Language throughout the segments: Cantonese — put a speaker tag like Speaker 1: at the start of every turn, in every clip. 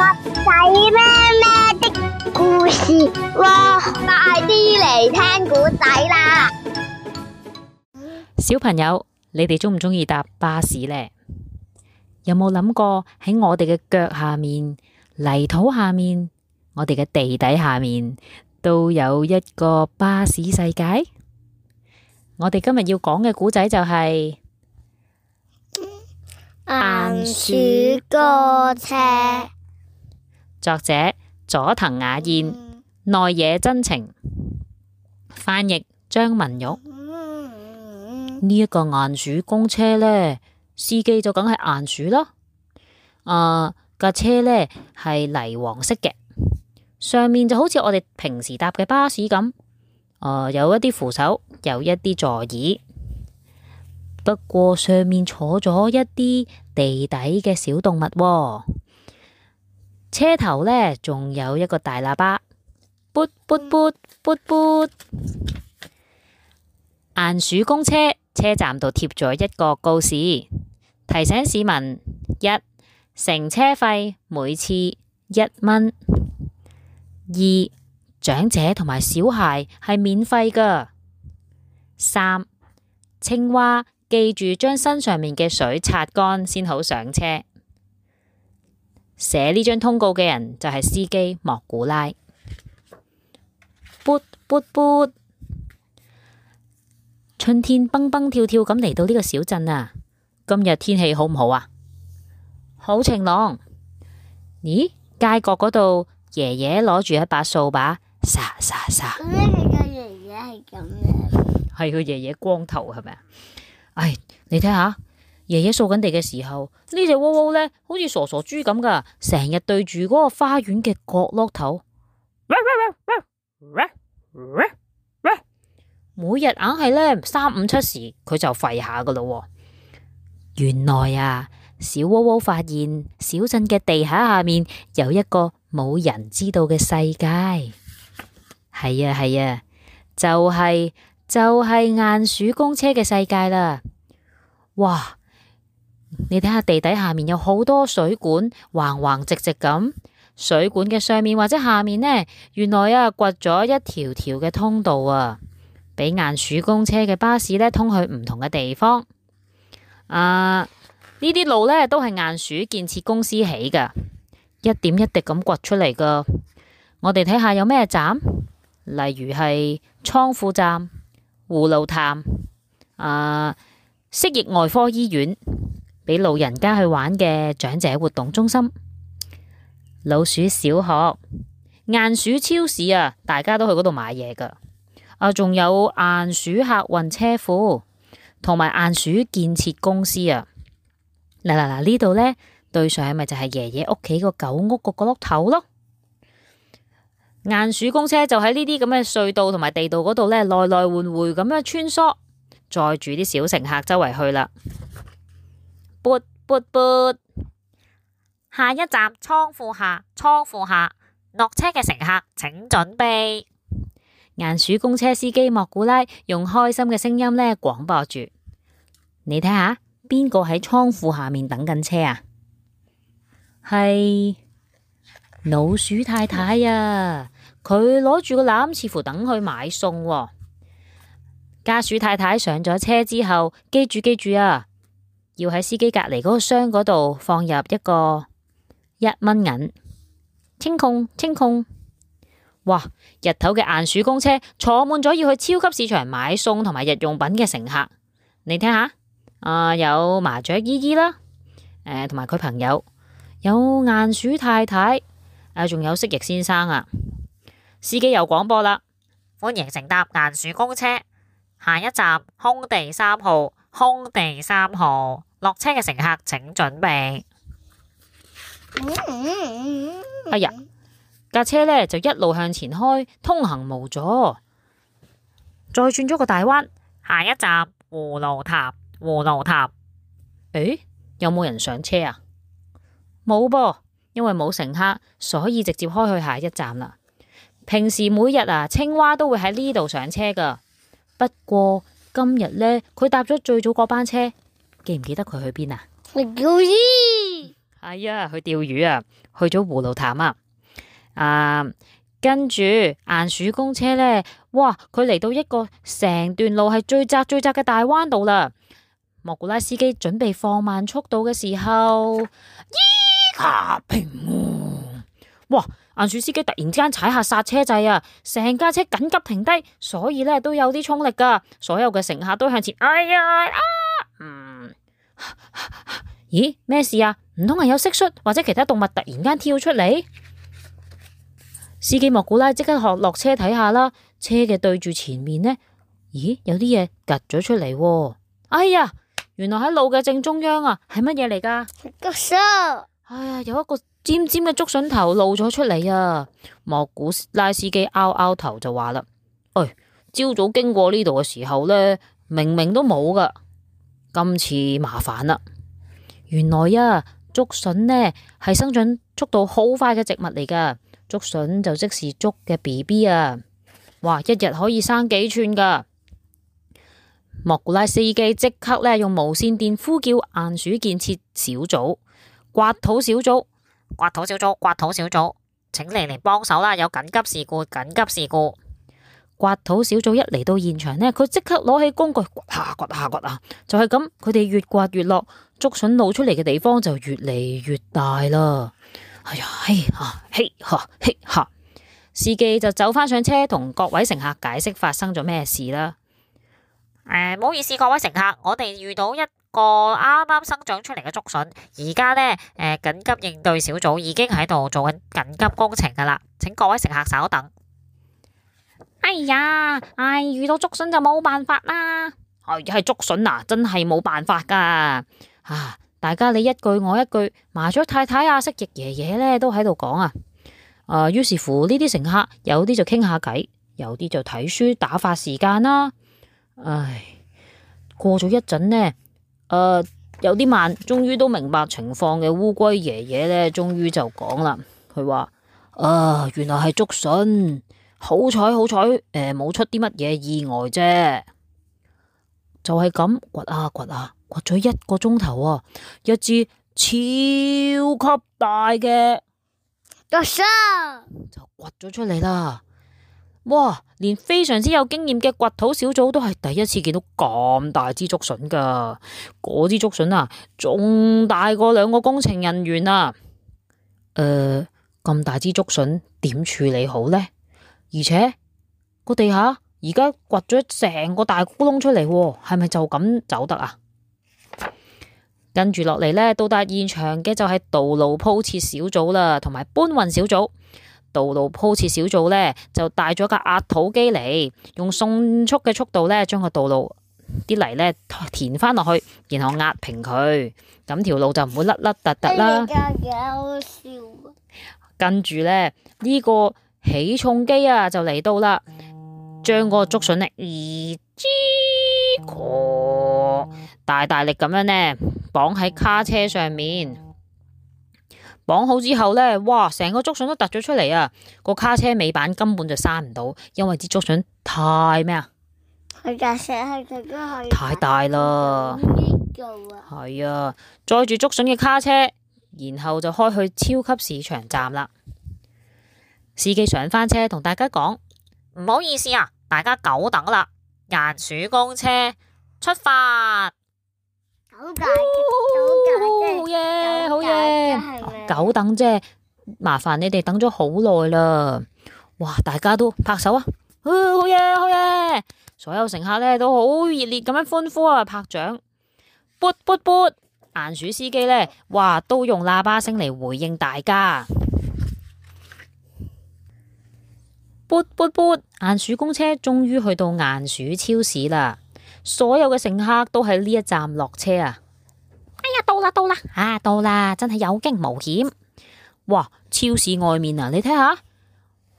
Speaker 1: 仔咩咩的故事，哇！快啲嚟聽古仔啦！小朋友，你哋中唔中意搭巴士呢？有冇諗過喺我哋嘅腳下面、泥土下面、我哋嘅地底下面，都有一個巴士世界？我哋今日要講嘅古仔就係鼴鼠公車。作者佐藤雅彥，內野真澄翻譯張文玉呢一個鼹鼠公車呢，司機就梗係鼴鼠啦。架、啊、車呢係泥黃色嘅，上面就好似我哋平時搭嘅巴士咁、啊。有一啲扶手，有一啲座椅，不過上面坐咗一啲地底嘅小動物、哦。車頭呢仲有一個大喇叭，噗噗噗噗噗」噗。鼹鼠公車車站度貼咗一個告示，提醒市民：一、乘車費每次一蚊；二、長者同埋小孩係免費噶；三、青蛙記住將身上面嘅水擦乾先好上車。寫呢張通告嘅人就係司機莫古拉。卜卜卜，春天蹦蹦跳跳咁嚟到呢個小鎮啊！今日天氣好唔好啊？好晴朗。咦？街角嗰度爺爺攞住一把掃把，沙沙沙。咁呢個爺爺係咁樣？係佢爺爺光頭係咪啊？哎，你睇下。爺爺掃緊地嘅時候，隻窪窪呢隻窩窩咧，好似傻傻豬咁噶，成日對住嗰個花園嘅角落頭，每日硬係咧三五七時佢就吠下噶啦。原來啊，小窩窩發現小鎮嘅地下下面有一個冇人知道嘅世界，係啊係啊，就係、是、就係鼴鼠公車嘅世界啦！哇！你睇下地底下面有好多水管，橫橫直直咁。水管嘅上面或者下面呢？原來啊，掘咗一條條嘅通道啊，俾鼴鼠公車嘅巴士呢通去唔同嘅地方。啊，呢啲路呢，都係鼴鼠建設公司起㗎，一點一滴咁掘出嚟㗎。我哋睇下有咩站，例如係倉庫站、葫蘆潭啊、蜥蜴外科醫院。俾老人家去玩嘅長者活動中心、老鼠小學、鼴鼠超市啊，大家都去嗰度買嘢噶。啊，仲有鼴鼠客運車庫同埋鼴鼠建設公司啊！嗱嗱嗱，啊啊、呢度呢對上咪就係爺爺屋企個狗屋個角落頭咯。鼴鼠公車就喺呢啲咁嘅隧道同埋地道嗰度呢，來來回回咁樣穿梭載住啲小乘客周圍去啦。撥撥撥，下一站倉庫下，倉庫下，落車嘅乘客請準備。鼴鼠公車司機莫古拉用開心嘅聲音呢廣播住：你睇下邊個喺倉庫下面等緊車啊？係老鼠太太啊，佢攞住個籃，似乎等去買餸啊。家鼠太太上咗車之後，記住記住啊！要喺司機隔籬嗰個箱嗰度放入一個一蚊銀。清空，清空。哇！日頭嘅鼴鼠公車坐滿咗，要去超級市場買餸同埋日用品嘅乘客，你聽下，啊、呃、有麻雀姨姨啦，同埋佢朋友，有鼴鼠太太，仲、呃、有蜥蜴先生啊。司機又廣播啦，歡迎乘搭鼴鼠公車，下一站空地三號。空地三號落車嘅乘客請準備。哎呀，架車呢就一路向前開，通行無阻。再轉咗個大彎，下一站葫蘆塔，葫蘆塔。誒、欸，有冇人上車啊？冇噃，因為冇乘客，所以直接開去下一站啦。平時每日啊，青蛙都會喺呢度上車㗎，不過。今日咧，佢搭咗最早嗰班車，記唔記得佢去邊啊？去釣魚。係啊，去釣魚啊，去咗葫蘆潭啊。啊，跟住鼴鼠公車咧，哇，佢嚟到一個成段路係最窄最窄嘅大彎度啦。莫古拉司機準備放慢速度嘅時候，咦耶，下平哦、啊，哇！鼴鼠司機突然之間踩下剎車掣啊，成架車緊急停低，所以咧都有啲衝力噶。所有嘅乘客都向前。哎呀啊！嗯，咦？咩事啊？唔通係有蟋蟀或者其他動物突然間跳出嚟？司機莫古拉即刻學落車睇下啦。車嘅對住前面呢？咦，有啲嘢夾咗出嚟。哎呀，原來喺路嘅正中央啊，係乜嘢嚟噶？蟋蟀。哎呀，有一個。尖尖嘅竹筍頭露咗出嚟！啊！莫古拉司機拗拗頭就話啦：喂、哎，朝早經過呢度嘅時候呢，明明都冇噶，今次麻煩啦。原來啊，竹筍呢係生長速度好快嘅植物嚟噶，竹筍就即是竹嘅 B B 啊，哇，一日可以生幾寸噶。莫古拉司機即刻呢用無綫電呼叫鼴鼠建設小組、刮土小組。刮土小組，刮土小組，請你嚟幫手啦！有緊急事故，緊急事故。刮土小組一嚟到現場呢，佢即刻攞起工具，刮下刮下刮下，就係咁。佢哋越刮越落，竹筍露出嚟嘅地方就越嚟越大啦。哎呀，嘿吓，嘿吓，嘿吓，司機就走返上車，同各位乘客解釋發生咗咩事啦。誒、呃，唔好意思，各位乘客，我哋遇到一個啱啱生長出嚟嘅竹筍，而家呢，誒、呃，緊急應對小組已經喺度做緊緊急工程噶啦，請各位乘客稍等。哎呀，哎，遇到竹筍就冇辦法啦，係竹筍呀，真係冇辦法噶啊！大家你一句我一句，麻雀太太、阿蜥蜴爺爺咧都喺度講啊。誒，啊呃、於是乎呢啲乘客有啲就傾下偈，有啲就睇書打發時間啦。唉，過咗一陣呢。誒、呃，有啲慢，終於都明白情況嘅烏龜爺爺咧，終於就講啦。佢話，啊、呃，原來係竹筍，好彩好彩，誒、呃，冇出啲乜嘢意外啫。就係咁掘啊掘啊，掘咗一個鐘頭啊，一支超級大嘅竹筍就掘咗出嚟啦。哇！連非常之有經驗嘅掘土小組都係第一次見到咁大支竹筍噶，嗰支竹筍啊，仲大過兩個工程人員啊！誒、呃，咁大支竹筍點處理好呢？而且個地下而家掘咗成個大窟窿出嚟，係咪就咁走得啊？跟住落嚟咧，到達現場嘅就係道路鋪設小組啦，同埋搬運小組。道路鋪設小組咧就帶咗架壓土機嚟，用迅速嘅速度咧將個道路啲泥咧填翻落去，然後壓平佢，咁條路就唔會甩甩突突啦。哎、呢架幾好笑啊。跟住咧呢個起重機啊就嚟到啦，將個竹筍咧，咦、呃？嗚、呃呃！大大力咁樣咧綁喺卡車上面。綁好之後呢，哇！成個竹笋都突咗出嚟啊！個卡車尾板根本就閂唔到，因為啲竹笋太咩、嗯、啊？太大啦。係啊，載住竹笋嘅卡車，然後就開去超級市場站啦。司機上返車同大家講：唔好意思啊，大家久等啦，鼹鼠公車出發。好大件，哦、好大件，哦、好嘢，好嘢。久等啫，麻煩你哋等咗好耐啦！哇，大家都拍手啊，好嘢、哦，好嘢！所有乘客呢都好熱烈咁樣歡呼啊，拍掌，噗噗噗！鼴鼠司機呢，哇，都用喇叭聲嚟回應大家。噗噗噗！鼴鼠公車終於去到鼴鼠超市啦，所有嘅乘客都喺呢一站落車啊！到啦、啊，到啦，吓、啊，到啦，真係有驚無險。哇，超市外面啊，你睇下，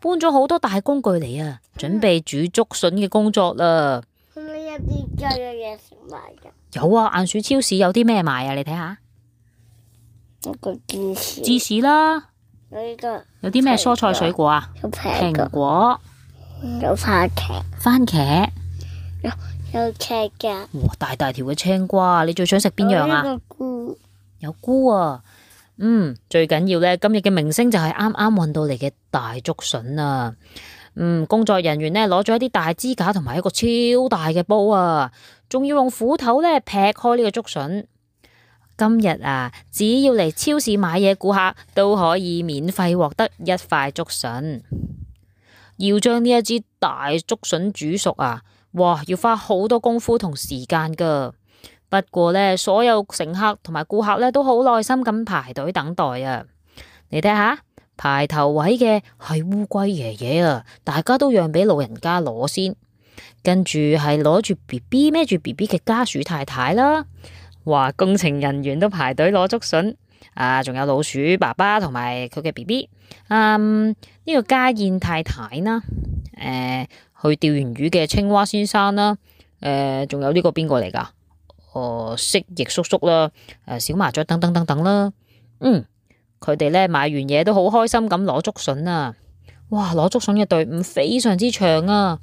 Speaker 1: 搬咗好多大工具嚟啊，準備煮竹筍嘅工作啦。嗯嗯、有，有啊，鼴鼠超市有啲咩賣啊？你睇下。個芝士。芝士啦。有啲咩蔬菜水果啊？蘋果。有番茄。番茄。番茄。有食嘅，哇！大大條嘅青瓜，你最想食邊樣啊？有菇，有菇啊！嗯，最緊要呢，今日嘅明星就係啱啱運到嚟嘅大竹笋啊！嗯，工作人員呢，攞咗一啲大支架同埋一個超大嘅煲啊，仲要用斧頭呢劈開呢個竹笋。今日啊，只要嚟超市買嘢顧客都可以免費獲得一塊竹筍。要將呢一支大竹筍煮熟啊！哇，要花好多功夫同時間噶。不過呢，所有乘客同埋顧客呢都好耐心咁排隊等待啊。你睇下，排頭位嘅係烏龜爺爺啊，大家都讓俾老人家攞先。跟住係攞住 B B 孭住 B B 嘅家屬太太啦。哇，工程人員都排隊攞竹筍。啊，仲有老鼠爸爸同埋佢嘅 BB，嗯，呢、這個家燕太太啦，誒、啊，去釣完魚嘅青蛙先生啦，誒、啊，仲有呢個邊個嚟㗎？哦、啊，蜥蜴叔叔啦，誒、啊，小麻雀等等等等啦，嗯，佢哋咧買完嘢都好開心咁攞竹筍啊，哇，攞竹筍嘅隊伍非常之長啊，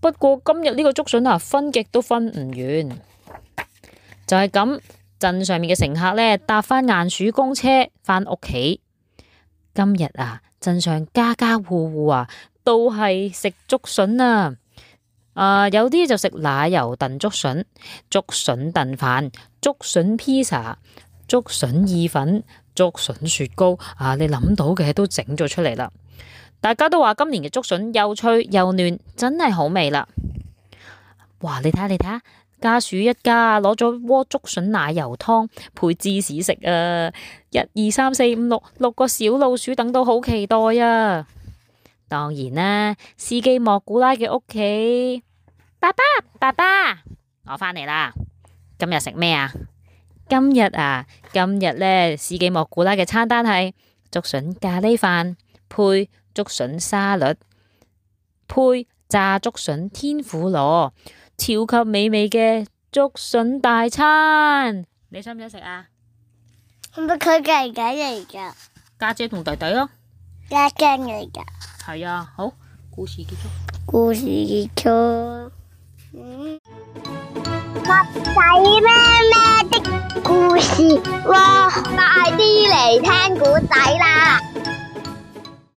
Speaker 1: 不過今日呢個竹筍啊分極都分唔完，就係、是、咁。鎮上面嘅乘客呢，搭返鼴鼠公車返屋企。今日啊，鎮上家家戶戶啊都係食竹筍啊！啊，有啲就食奶油燉竹筍、竹筍燉飯、竹筍披薩、竹筍意粉、竹筍雪糕啊！你諗到嘅都整咗出嚟啦！大家都話今年嘅竹筍又脆又嫩，真係好味啦！哇，你睇下，你睇下。家鼠一家攞咗鍋竹筍奶油湯配芝士食啊！一二三四五六六個小老鼠等到好期待啊！當然啦、啊，司機莫古拉嘅屋企，爸爸爸爸，我返嚟啦！今日食咩啊？今日啊，今日咧，司機莫古拉嘅餐單係竹筍咖喱飯配竹筍沙律配炸竹筍天婦羅。超級美味嘅竹笋大餐，你想唔想食啊？係咪佢哋嚟噶？家姐同弟弟囉？家姐嚟噶？係啊，好，故事結束。故事結束。嗯，襪仔咩咩的故事？哇，快啲嚟聽古仔啦！